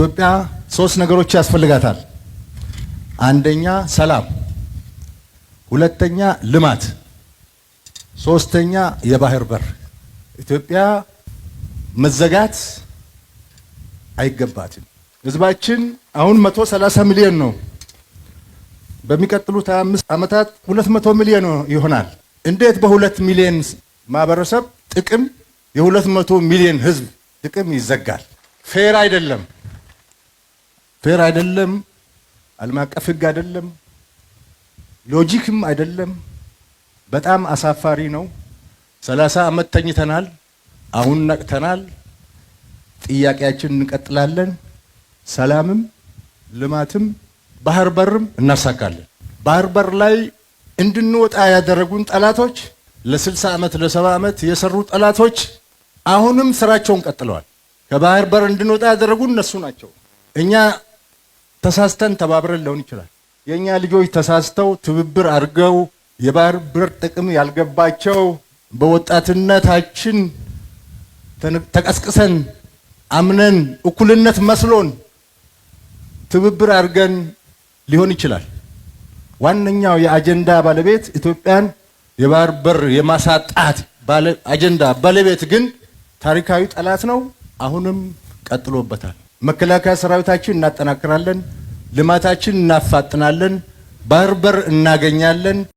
ኢትዮጵያ ሶስት ነገሮች ያስፈልጋታል። አንደኛ ሰላም፣ ሁለተኛ ልማት፣ ሶስተኛ የባህር በር። ኢትዮጵያ መዘጋት አይገባትም። ህዝባችን አሁን 130 ሚሊዮን ነው። በሚቀጥሉት 25 ዓመታት 200 ሚሊዮን ይሆናል። እንዴት በሁለት ሚሊዮን ማህበረሰብ ጥቅም የ200 ሚሊዮን ህዝብ ጥቅም ይዘጋል? ፌር አይደለም። ፌር አይደለም፣ ዓለም አቀፍ ሕግ አይደለም፣ ሎጂክም አይደለም። በጣም አሳፋሪ ነው። ሰላሳ ዓመት ተኝተናል። አሁን ነቅተናል። ጥያቄያችን እንቀጥላለን። ሰላምም ልማትም ባህር በርም እናሳካለን። ባህር በር ላይ እንድንወጣ ያደረጉን ጠላቶች ለ60 ዓመት ለ70 ዓመት የሰሩ ጠላቶች አሁንም ስራቸውን ቀጥለዋል። ከባህር በር እንድንወጣ ያደረጉን እነሱ ናቸው። እኛ ተሳስተን ተባብረን ሊሆን ይችላል። የእኛ ልጆች ተሳስተው ትብብር አድርገው የባህር በር ጥቅም ያልገባቸው በወጣትነታችን ተቀስቅሰን አምነን እኩልነት መስሎን ትብብር አድርገን ሊሆን ይችላል። ዋነኛው የአጀንዳ ባለቤት ኢትዮጵያን የባህር በር የማሳጣት አጀንዳ ባለቤት ግን ታሪካዊ ጠላት ነው። አሁንም ቀጥሎበታል። መከላከያ ሰራዊታችን እናጠናክራለን፣ ልማታችን እናፋጥናለን፣ ባህር በር እናገኛለን።